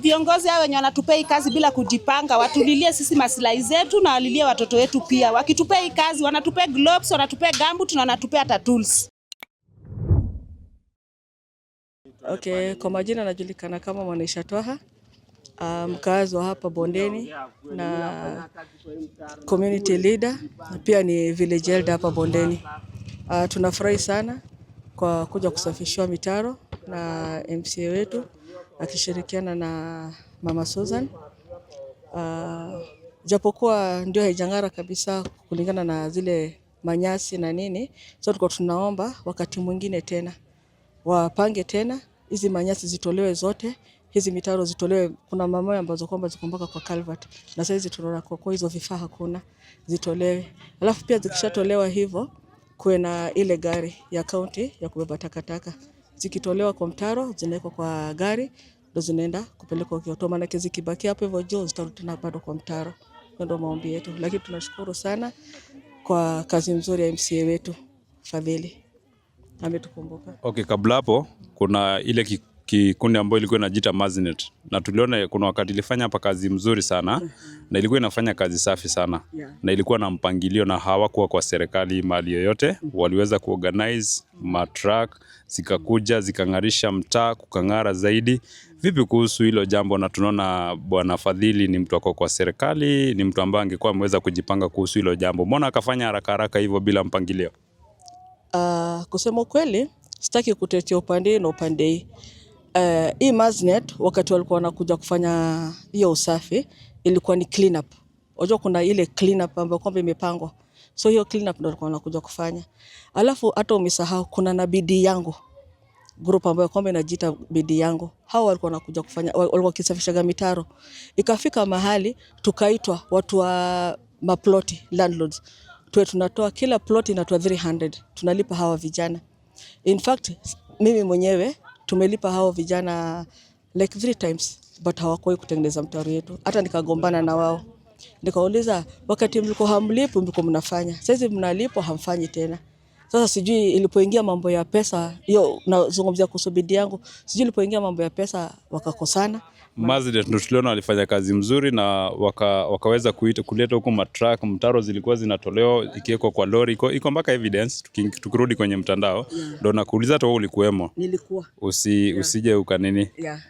viongozi hao wenye wanatupea kazi bila kujipanga, watulilie sisi maslahi zetu na walilie watoto wetu pia. Wakitupea kazi, wanatupea gloves, wanatupea gambu, na wanatupea hata tools. Okay, kwa majina anajulikana kama Mwanaisha Twaha, um, mkazi wa hapa Bondeni na community leader na pia ni village elder hapa Bondeni. Uh, tunafurahi sana kwa kuja kusafishiwa mitaro na MCA wetu akishirikiana na Mama Susan. Uh, japokuwa ndio haijang'ara kabisa kulingana na zile manyasi na nini, so tulikuwa tunaomba wakati mwingine tena wapange tena hizi manyasi zitolewe zote, hizi mitaro zitolewe. Kuna mama ambazo kwamba ziko mpaka kwa Calvert, na sasa hizi tunaona kwa kwa hizo vifaa hakuna, zitolewe. Alafu pia zikishatolewa hivyo kuwe na ile gari ya kaunti ya kubeba takataka zikitolewa kwa mtaro zinawekwa kwa gari ndo zinaenda kupelekwa Kioto, maanake zikibakia hapo hivyo juu zitarudi tena bado kwa mtaro. ndo maombi yetu, lakini tunashukuru sana kwa kazi nzuri ya MCA wetu Fadhili ametukumbuka. Okay, kabla hapo kuna ile kikundi ambayo ilikuwa inajiita Maznet na tuliona kuna wakati ilifanya hapa kazi mzuri sana mm -hmm. na ilikuwa inafanya kazi safi sana yeah. na ilikuwa na mpangilio na hawakuwa kwa serikali mali yoyote mm -hmm. waliweza kuorganize matrak zikakuja zikang'arisha mtaa kukang'ara zaidi. Vipi kuhusu hilo jambo? Na tunaona bwana Fadhili ni mtu ako kwa serikali, ni mtu ambaye angekuwa ameweza kujipanga kuhusu hilo jambo, mbona akafanya haraka haraka hivyo bila mpangilio? Uh, kusema kweli sitaki kutetea upande na upande Uh, hii Masnet wakati walikuwa wanakuja kufanya hiyo usafi ilikuwa ni clean up. Unajua kuna ile clean up ambayo kwamba imepangwa. So hiyo clean up ndio walikuwa wanakuja kufanya. Alafu hata umesahau kuna na bidii yangu. Group ambayo kwamba inajiita bidii yangu. Hao walikuwa wanakuja kufanya walikuwa kisafisha mitaro. Ikafika mahali tukaitwa watu wa maploti landlords. Tuwe tunatoa kila ploti inatoa 300. Tunalipa hawa vijana. In fact mimi mwenyewe tumelipa hao vijana like three times but hawakuwahi kutengeneza mtaro yetu, hata nikagombana na wao nikauliza, wakati mliko hamlipo mliko mnafanya, sasa mnalipo hamfanyi tena. Sasa sijui ilipoingia mambo ya pesa hiyo, nazungumzia kuhusu bidii yangu, sijui ilipoingia mambo ya pesa wakakosana. Mazda tuliona walifanya kazi mzuri na waka, wakaweza kuita kuleta huko matrak, mtaro zilikuwa zinatolewa ikiwekwa kwa lori, iko mpaka evidence. Tukirudi kwenye mtandao ndo yeah. Nakuuliza hata wewe ulikuwemo? Nilikuwa. Usi, yeah. Usije ukanini. Ndo yeah.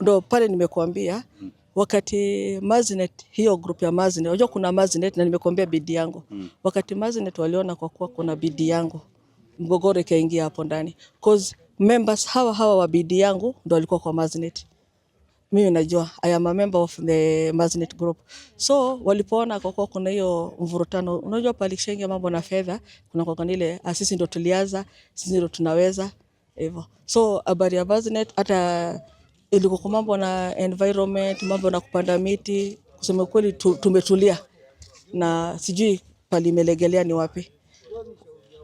uh -huh. Pale nimekuambia mm wakati Maznet, hiyo group ya Maznet, unajua kuna Maznet na nimekuambia bidii yangu mm. Wakati Maznet waliona kwa kuwa kuna bidii yangu, mgogoro ikaingia hapo ndani cause members hawa hawa wa bidii yangu ndo walikuwa kwa Maznet. Mimi najua I am a member of the Maznet group. So walipoona kwa kuwa kuna hiyo mvurutano, unajua pale Kishenge mambo na fedha, kuna kwa kanile ah, sisi ndo tuliaza, sisi ndo tunaweza hivyo. So habari ya Maznet hata ilikuwa kwa mambo na environment, mambo na kupanda miti. Kusema kweli, tumetulia na sijui palimelegelea ni wapi.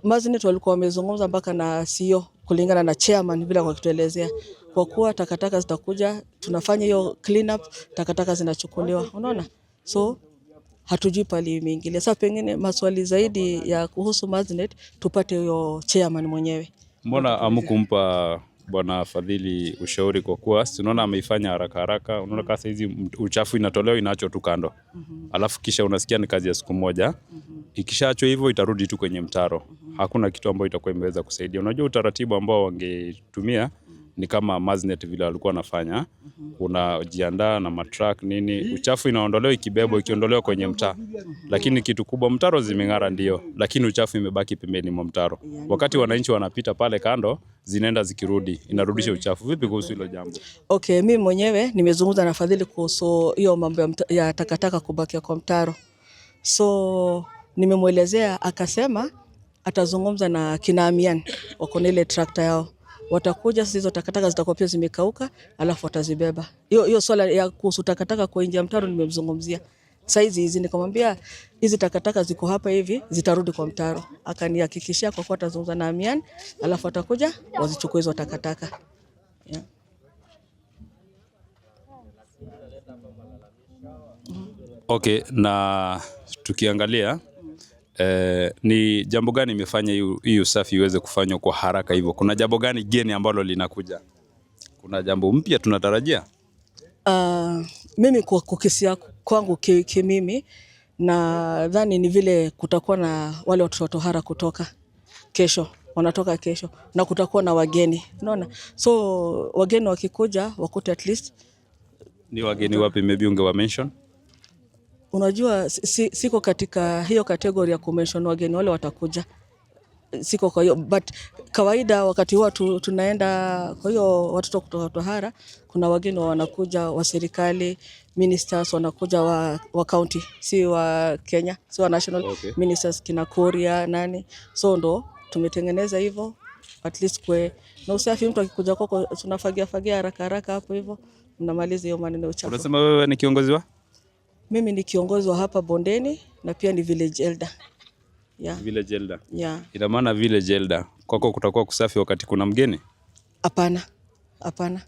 Mazinet walikuwa wamezungumza mpaka na CEO kulingana na chairman bila kwa kutuelezea, kwa kuwa takataka zitakuja, tunafanya hiyo clean up, takataka zinachukuliwa. Unaona, so hatujui pale imeingilia. Sasa pengine maswali zaidi ya kuhusu Mazinet tupate huyo chairman mwenyewe. Mbona amkumpa Bwana Fadhili ushauri kwa kuwa si unaona ameifanya haraka haraka. Unaona kama hizi uchafu inatolewa inaachwa tu kando, mhm. alafu kisha unasikia ni kazi ya siku moja. Mhm. Ikishaachwa hivyo itarudi tu kwenye mtaro, mhm. hakuna kitu ambayo itakuwa imeweza kusaidia. Unajua utaratibu ambao wangetumia ni kama Maznet vile walikuwa wanafanya, mhm. unajiandaa na matrak nini, uchafu inaondolewa, ikibebwa ikiondolewa kwenye mtaa. Mhm. Lakini kitu kubwa, mtaro zimeng'ara ndio, lakini uchafu imebaki pembeni mwa mtaro. Wakati wananchi wanapita pale kando, zinaenda zikirudi, inarudisha uchafu. Vipi kuhusu hilo jambo? Okay, mimi mwenyewe nimezungumza na Fadhili kuhusu hiyo mambo ya takataka kubakia kwa mtaro, so nimemwelezea, akasema atazungumza na kina Amian, wako na ile trakta yao watakuja sasa, hizo takataka zitakuwa pia zimekauka, alafu watazibeba. Hiyo hiyo swala ya kuhusu takataka kwa nje ya mtaro nimemzungumzia. Saizi hizi nikamwambia hizi takataka ziko hapa hivi zitarudi kwa mtaro. Akanihakikishia kwa kuwa atazungumza na Amian, alafu atakuja wazichukue hizo takataka. Yeah. Okay, na tukiangalia eh, ni jambo gani imefanya hii usafi iweze kufanywa kwa haraka hivyo? Kuna jambo gani geni ambalo linakuja? Kuna jambo mpya tunatarajia? Uh, mimi kwa kesi kwangu kimimi nadhani ni vile kutakuwa na wale watoto wa tohara kutoka kesho, wanatoka kesho na kutakuwa na wageni, unaona. So wageni wakikuja wakute at least. Ni wageni wapi? Maybe unge wa mention Unajua si, siko katika hiyo kategori ya kumenshon wageni wale watakuja, siko kwa hiyo, but kawaida wakati huwa tu, tunaenda kwa hiyo watoto kutoka tohara, kuna wageni wa wanakuja wa serikali ministers wanakuja wa, wa county si wa Kenya si wa national okay. Ministers kina Korea nani, so ndo tumetengeneza hivyo at least kwe na usafi, mtu akikuja kwako tunafagia fagia haraka haraka hapo hivyo mnamaliza hiyo maneno uchafu. Unasema wewe ni kiongozi wa mimi ni kiongozi wa hapa bondeni na pia ni village elder. Yeah. Village elder. Yeah. Ina maana village elder kwako kutakuwa kusafi wakati kuna mgeni? Hapana, hapana.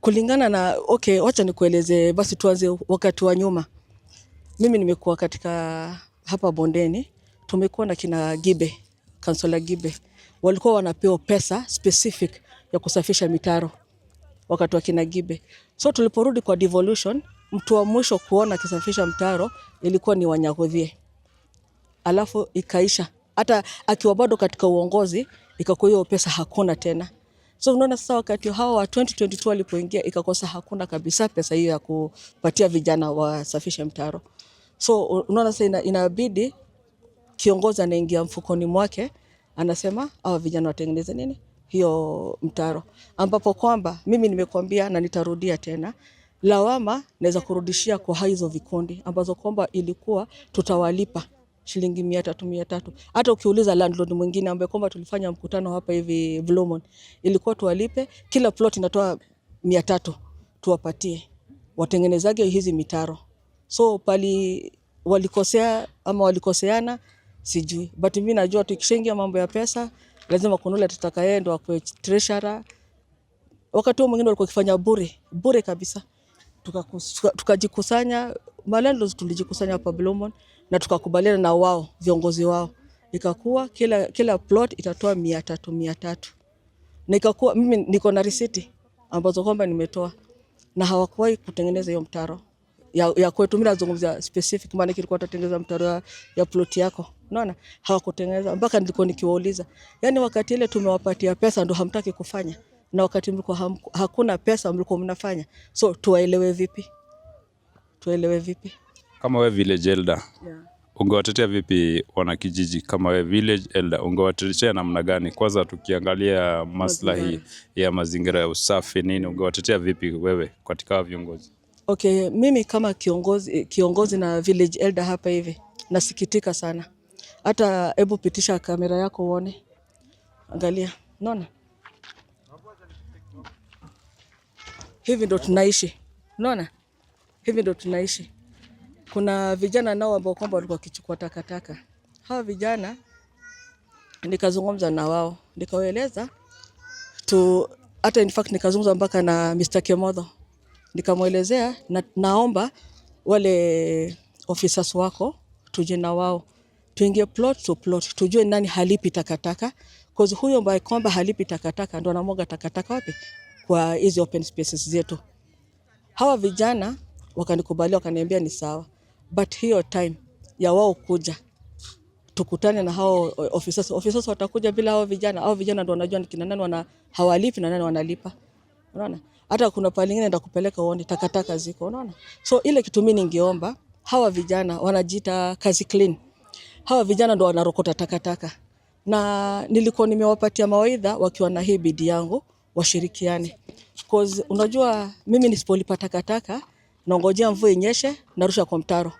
Kulingana na okay, wacha nikueleze basi, tuanze wakati wa nyuma. Mimi nimekuwa katika hapa bondeni, tumekuwa na kina Gibe, Kansala Gibe walikuwa wanapewa pesa specific ya kusafisha mitaro wakati wa kina Gibe. So tuliporudi kwa devolution Mtu wa mwisho kuona akisafisha mtaro ilikuwa ni Wanyagodhie, alafu ikaisha. Hata akiwa bado katika uongozi, ikakuwa hiyo pesa hakuna tena. So unaona sasa, wakati hao wa 2022 walipoingia, ikakosa hakuna kabisa pesa hiyo ya kupatia vijana wasafishe mtaro. So unaona sasa, ina, inabidi kiongozi anaingia mfukoni mwake, anasema hawa vijana watengeneze nini hiyo mtaro, ambapo kwamba mimi nimekwambia na nitarudia tena lawama naweza kurudishia kwa hizo vikundi ambazo kwamba ilikuwa tutawalipa shilingi mia tatu mia tatu. Hata ukiuliza landlord mwingine ambaye kwamba tulifanya mkutano hapa hivi Vlomon, ilikuwa tuwalipe kila plot inatoa mia tatu tuwapatie watengenezaji hizi mitaro. So pali walikosea ama walikoseana sijui, but mimi najua tukishaingia mambo ya pesa lazima kunule tutakayendo kwa treasurer. Wakati huo mwingine walikuwa kifanya bure bure kabisa tukajikusanya, tuka, tuka malendo tulijikusanya hapa Bloemhon na tukakubaliana na wao viongozi wao, ikakuwa kila, kila plot itatoa mia tatu mia tatu na ikakuwa mimi niko na risiti ambazo kwamba nimetoa na hawakuwahi kutengeneza hiyo mtaro ya, ya kwetu. Mimi nazungumzia specific, maana kilikuwa tatengeneza mtaro ya, ya plot yako, unaona, hawakutengeneza mpaka nilikuwa nikiwauliza, yani wakati ile tumewapatia pesa ndo hamtaki kufanya na wakati mlikuwa hakuna pesa mlikuwa mnafanya, so tuwaelewe vipi? tuwaelewe vipi? Kama we village elder yeah. Ungewatetea vipi wana kijiji Kama we village elder ungewatetea namna gani? Kwanza tukiangalia maslahi ya mazingira ya usafi nini, ungewatetea vipi wewe katika viongozi? Okay, mimi kama kiongozi, kiongozi na village elder hapa hivi nasikitika sana. Hata hebu pitisha kamera yako uone, angalia, naona hivi ndo tunaishi, unaona, hivi ndo tunaishi. Kuna vijana nao ambao kwamba walikuwa wakichukua takataka. Hawa vijana nikazungumza na wao nikawaeleza tu, hata in fact nikazungumza mpaka na Mr. Kemodo nikamwelezea na, naomba wale officers wako tuje na wao tuingie plot to plot tujue nani halipi takataka, cause huyo ambaye kwamba halipi takataka ndo anamwaga takataka wapi? kwa hizi open spaces zetu. Hawa vijana wakanikubalia, wakaniambia ni sawa, but hiyo time ya wao kuja tukutane na hao officers. Officers watakuja bila hao vijana, hao vijana ndio wanajua ni kina nani wana hawalipi na nani wanalipa, unaona. Hata kuna pale nyingine ndio kupeleka uone takataka ziko, unaona. So ile kitu mimi ningeomba hawa vijana wanajiita kazi clean, hawa vijana ndio wanarokota takataka, na nilikuwa nimewapatia mawaidha wakiwa na hii bidii yangu washirikiane. Cause unajua mimi nisipolipa takataka naongojea mvua inyeshe narusha kwa mtaro.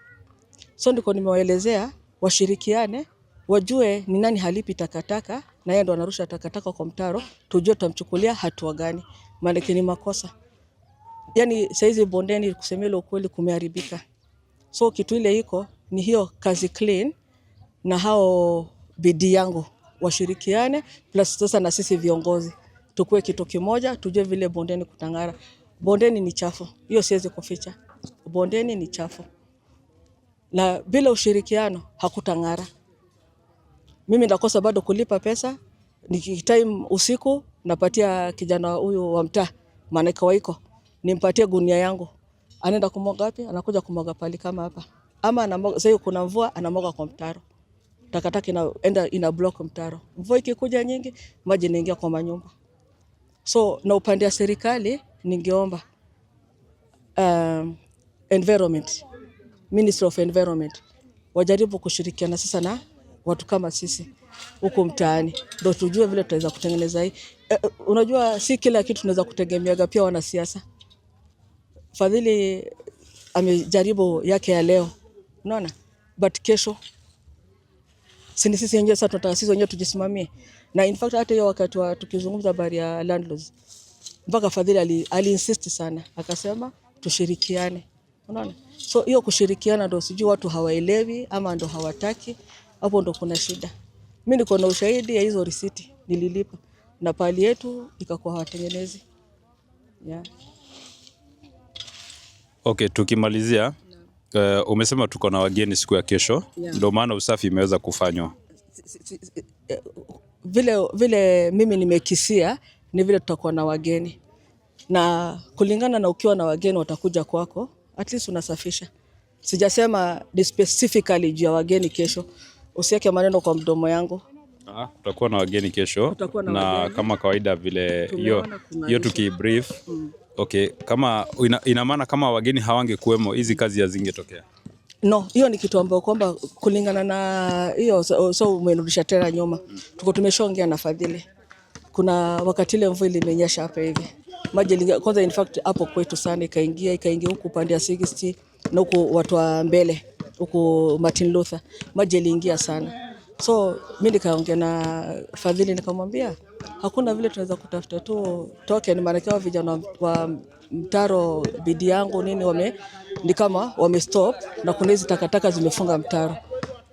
So ndiko nimewaelezea washirikiane, wajue ni nani halipi takataka na yeye ndo anarusha takataka kwa mtaro, tujue tutamchukulia hatua gani, maana ni makosa. Yaani saizi bondeni kusema ile ukweli kumeharibika. So kitu ile iko ni hiyo kazi clean na hao bidii yangu washirikiane plus sasa na sisi viongozi tukue kitu kimoja, tujue vile bondeni kutangara. Bondeni ni chafu, hiyo siwezi kuficha. Bondeni ni chafu, na bila ushirikiano hakutangara. Mimi nakosa bado kulipa pesa, nikitime usiku napatia kijana huyu wa mtaa, maana waiko nimpatie gunia yangu, anaenda kumwaga wapi? Anakuja kumwaga pali kama hapa, ama anamwaga sasa, kuna mvua, anamwaga kwa mtaro takataka inaenda ina block mtaro. Mvua ikikuja nyingi, maji inaingia kwa manyumba. So na upande wa serikali ningeomba um, environment, Ministry of Environment wajaribu kushirikiana sasa na watu kama sisi huko mtaani, ndio tujue vile tutaweza kutengeneza hii e, unajua si kila kitu tunaweza kutegemeaga. Pia wanasiasa, Fadhili amejaribu yake ya leo, unaona, but kesho sisi sisi wenyewe sasa tunataka sisi wenyewe tujisimamie. Na in fact hata hiyo wakati wa tukizungumza habari ya landlords mpaka Fadhili ali, ali insist sana akasema tushirikiane, unaona. So hiyo kushirikiana ndo sijui watu hawaelewi ama ndo hawataki, hapo ndo kuna shida. Mimi niko na ushahidi ya hizo risiti nililipa na pali yetu ikakuwa hawatengenezi yeah. Okay, tukimalizia Uh, umesema tuko na wageni siku ya kesho yeah. Ndio maana usafi imeweza kufanywa eh, vile vile. Mimi nimekisia ni vile tutakuwa na wageni, na kulingana na ukiwa na wageni watakuja kwako, at least unasafisha. Sijasema specifically juu ya wageni kesho, usiweke maneno kwa mdomo yangu. Ah, tutakuwa na wageni kesho na, na Kama kawaida vile hiyo tuki tukibrief mm. Okay, kama ina maana kama wageni hawange kuwemo hizi kazi hazingetokea? No, hiyo ni kitu ambayo kwamba kulingana na hiyo, so, so umerudisha tena nyuma Tuko tumeshaongea na Fadhili, kuna wakati ile mvua ilimenyesha hapa hivi maji kwanza, in fact hapo kwetu sana ikaingia ikaingia huku upande ya 60 na huku watu wa mbele huku Martin Luther maji iliingia sana, so mimi nikaongea na Fadhili nikamwambia hakuna vile tunaweza kutafuta tu token, maanake wa vijana wa mtaro bidii yangu nini wame, ni kama stop na kuna hizi takataka zimefunga mtaro,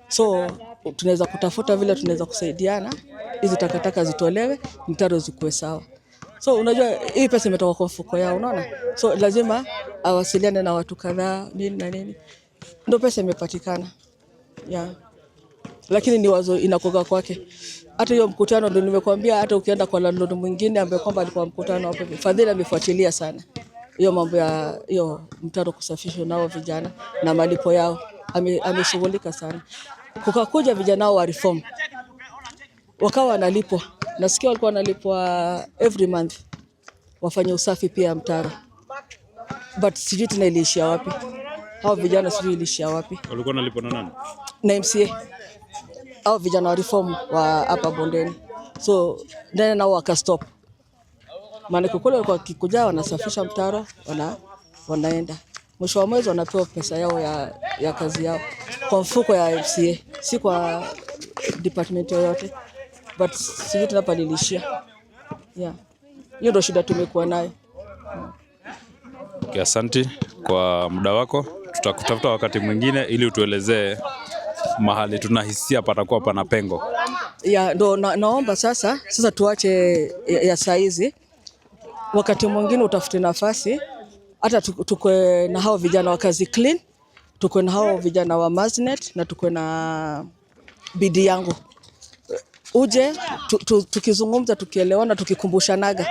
so tunaweza kutafuta vile tunaweza kusaidiana hizi takataka zitolewe, mtaro zikuwe sawa. So unajua hii pesa imetoka kwa mfuko yao, unaona, so lazima awasiliane na watu kadhaa nini na nini, ndio pesa imepatikana yeah. Lakini ni wazo inakoga kwake hata hiyo mkutano ndio nimekwambia, hata ukienda kwa landlord mwingine ambaye kwamba alikuwa mkutano hapo, Fadhili amefuatilia sana hiyo mambo ya hiyo mtaro kusafishwa nao vijana na malipo yao, ameshughulika sana. Kukakuja vijana wa reform wakawa wanalipwa, nasikia walikuwa wanalipwa every month wafanye usafi pia mtaro, but sijui tena iliishia wapi hao vijana, sijui iliishia wapi, walikuwa wanalipwa na nani? Na MCA au vijana wa reform wa hapa bondeni, so ndene nao wakastop, maana kule walikuwa kikuja wanasafisha mtaro wana, wanaenda mwisho wa mwezi wanapewa pesa yao ya, ya kazi yao kwa mfuko ya FCA, si kwa department yoyote, but sijui tunapalilishia. Yeah, hiyo ndio shida tumekuwa nayo. Okay, asante kwa muda wako, tutakutafuta wakati mwingine ili utuelezee mahali tunahisia patakuwa pana pengo ya ndo na, naomba sasa sasa tuache ya, ya saizi. Wakati mwingine utafute nafasi hata tukwe na hao vijana wa kazi clean, tukwe na hao vijana wa maznet na tukwe na bidii yangu uje tu, tu, tukizungumza tukielewana tukikumbushanaga,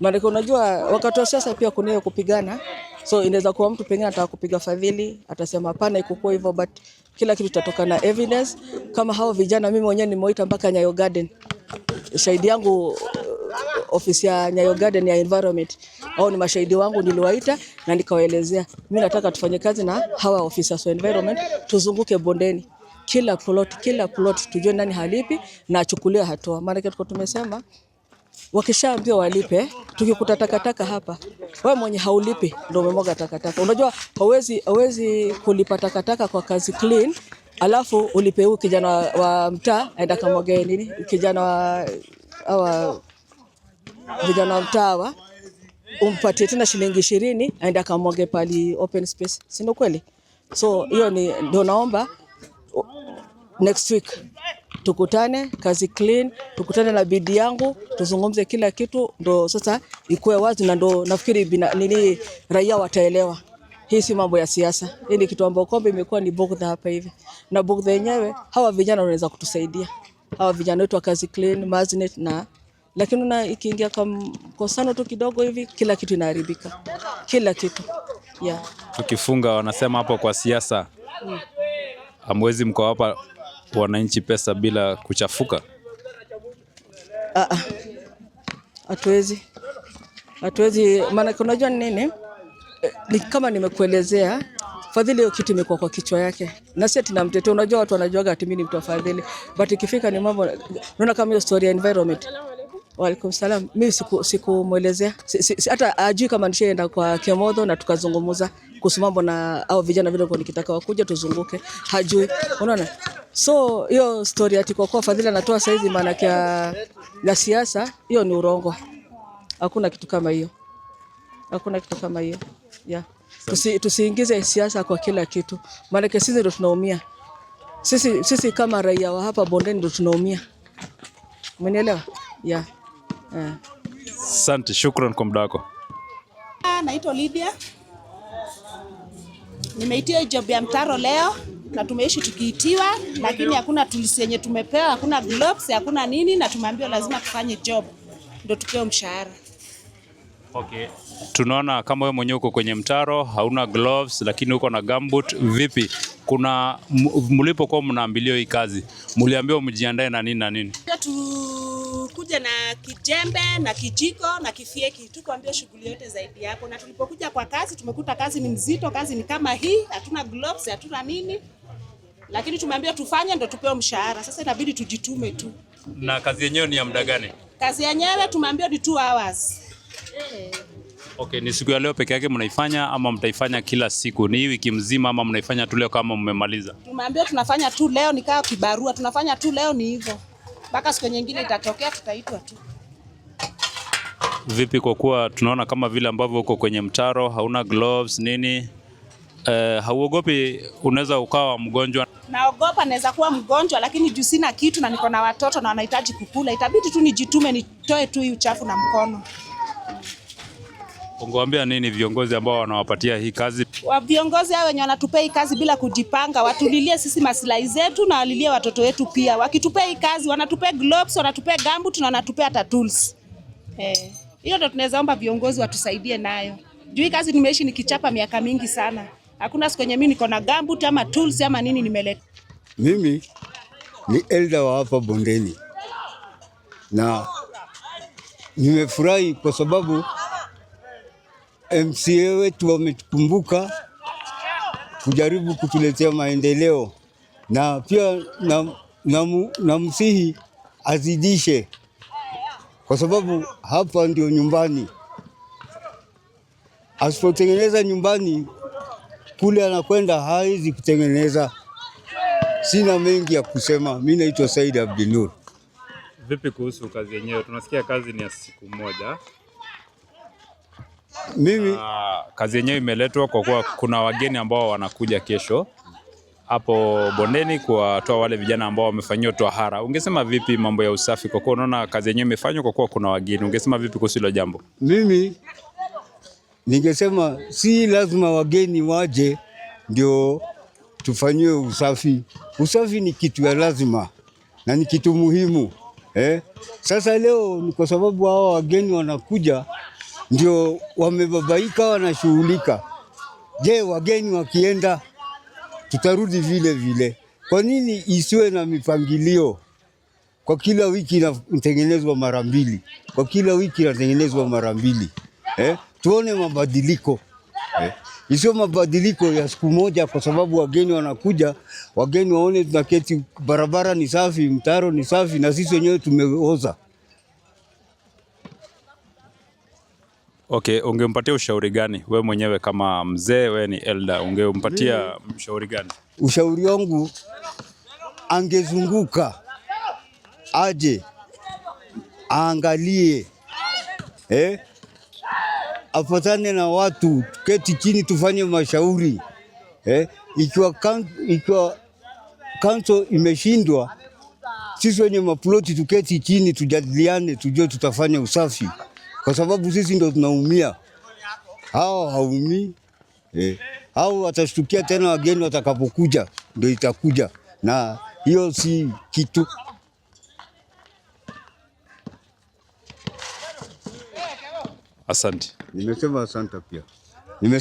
maanake unajua wakati wa siasa pia kuna kupigana, so inaweza kuwa mtu pengine atakakupiga fadhili atasema hapana, ikukua hivyo but kila kitu tatoka na evidence. Kama hao vijana, mimi mwenyewe nimewaita mpaka Nyayo Garden, shahidi yangu uh, ofisi ya Nyayo Garden ya environment, au ni mashahidi wangu, niliwaita na nikawaelezea, mimi nataka tufanye kazi na hawa ofisa wa environment, tuzunguke bondeni kila plot, kila plot tujue nani halipi na achukuliwe hatua, maana kitu tumesema wakishaambiwa walipe, tukikuta takataka hapa, wewe mwenye haulipi ndio umemwaga takataka. Unajua hawezi hawezi kulipa takataka kwa kazi clean, alafu ulipe huyu kijana wa, mtaa aenda kamwage nini, kijana wa awa, vijana wa mtaa wa umpatie tena shilingi ishirini aende akamwage pali open space, si ndio kweli? So hiyo ni ndio naomba next week tukutane kazi clean, tukutane na bidii yangu, tuzungumze kila kitu, ndo sasa ikuwe wazi, na ndo nafikiri bina, nini raia wataelewa. Hii si mambo ya siasa, hii ni kitu ambacho kombe imekuwa ni bugdha hapa hivi, na bugdha yenyewe hawa vijana wanaweza kutusaidia, hawa vijana wetu wa kazi clean maznet na lakini una ikiingia kwa kosano tu kidogo hivi, kila kitu inaharibika, kila kitu yeah. Tukifunga wanasema hapo kwa siasa, mm. Amwezi mko hapa wananchi pesa bila kuchafuka? Ah, hatuwezi, hatuwezi, maana unajua ni nini? Eh, ni kama nimekuelezea Fadhili hiyo kitu imekuwa kwa kichwa yake, na sisi tunamtetea. Unajua watu wanajuaga ati mimi ni mtu wa Fadhili, but ikifika ni mambo, unaona kama hiyo story ya environment Waalaikum salam. Mimi sikumwelezea siku hata si, si, ajui kama nishaenda kwa Kemodho na tukazungumza kuhusu mambo na au vijana vile, kwa nikitaka wakuja tuzunguke, hajui. Unaona, so hiyo story ati kwa kuwa Fadhili anatoa saizi maana kia la siasa, hiyo ni urongo. Hakuna kitu kama hiyo, hakuna kitu kama hiyo yeah. Tusi, tusiingize siasa kwa kila kitu, maana sisi ndio tunaumia sisi, sisi kama raia wa hapa bondeni ndio tunaumia, umenielewa? yeah. Asante, shukran kwa muda wako. Naitwa Lydia, nimeitia job ya mtaro leo na tumeishi tukiitiwa, lakini hakuna tulisi yenye tumepewa, hakuna gloves, hakuna nini, na tumeambiwa lazima tufanye job ndo tupewe mshahara. Okay. Tunaona kama wewe mwenyewe uko kwenye mtaro hauna gloves lakini uko na gumboot. Vipi, kuna mlipokuwa mnaambiliwa hii kazi, mliambiwa mjiandae na nini na nini? Tulikuja na kijembe na kijiko na kifieki, tukuambia shughuli yote zaidi hapo. Na tulipokuja kwa kazi, tumekuta kazi ni mzito, kazi ni kama hii, hatuna gloves, hatuna nini, lakini tumeambia tufanye ndo tupewe mshahara. Sasa inabidi tujitume tu. Na kazi yenyewe ni ya muda gani? Kazi yenyewe tumeambia ni 2 hours. Okay, ni siku ya leo peke yake mnaifanya ama mtaifanya kila siku? Ni wiki mzima ama mnaifanya tu leo kama mmemaliza? Tumeambia tunafanya tu leo, ni kama kibarua, tunafanya tu leo, ni hivyo mpaka siku nyingine itatokea, tutaitwa tu. Vipi, kwa kuwa tunaona kama vile ambavyo uko kwenye mtaro, hauna gloves nini, uh, hauogopi? Unaweza ukawa mgonjwa? Naogopa, naweza kuwa mgonjwa, lakini juu sina kitu na niko na watoto na wanahitaji kukula, itabidi tu nijitume, nitoe tu hii uchafu na mkono. Ungewaambia nini viongozi ambao wanawapatia hii kazi? Wa viongozi hao wenye wanatupea hii kazi bila kujipanga, watulilie sisi maslahi zetu na walilie watoto wetu pia. Wakitupea hii kazi, wanatupea gloves, wanatupea gambut na wanatupea hata tools. Eh, hiyo ndio tunaweza omba viongozi watusaidie nayo. Juu hii kazi nimeishi nikichapa miaka mingi sana. Hakuna siku yenye mimi niko na gambut ama tools ama nini nimeleta. Mimi ni elda wa hapa bondeni na nimefurahi kwa sababu MCA wetu wametukumbuka kujaribu kutuletea maendeleo, na pia namsihi na, na azidishe, kwa sababu hapa ndio nyumbani. Asipotengeneza nyumbani kule anakwenda hawezi kutengeneza. Sina mengi ya kusema, mimi naitwa Said Abdinur. Vipi kuhusu kazi yenyewe? Tunasikia kazi ni ya siku moja. Mimi ah, kazi yenyewe imeletwa kwa kuwa kuna wageni ambao wanakuja kesho hapo bondeni kuwatoa wale vijana ambao wamefanyiwa tohara. Ungesema vipi mambo ya usafi, kwa kuwa unaona kazi yenyewe imefanywa kwa kuwa kuna wageni? Ungesema vipi kuhusu hilo jambo? Mimi ningesema si lazima wageni waje ndio tufanyiwe usafi. Usafi ni kitu ya lazima na ni kitu muhimu eh. Sasa leo ni kwa sababu hawa wageni wanakuja ndio wamebabaika, wanashughulika. Je, wageni wakienda tutarudi vile vile? Kwa nini isiwe na mipangilio? Kwa kila wiki inatengenezwa mara mbili, kwa kila wiki inatengenezwa mara mbili eh? Tuone mabadiliko eh? Isiyo mabadiliko ya siku moja, kwa sababu wageni wanakuja, wageni waone tunaketi, barabara ni safi, mtaro ni safi, na sisi wenyewe tumeoza. Okay, ungempatia ushauri gani we mwenyewe kama mzee, we ni elder, ungempatia ushauri gani? Ushauri wangu angezunguka aje aangalie, eh? Afatane na watu, tuketi chini tufanye mashauri eh? Ikiwa ikiwa kanso imeshindwa, sisi wenye maploti tuketi chini tujadiliane, tujue tutafanya usafi kwa sababu sisi ndo tunaumia, hao haumi eh. Hao watashtukia tena wageni watakapokuja, ndo itakuja na hiyo si kitu Asante. Nimesema asante pia.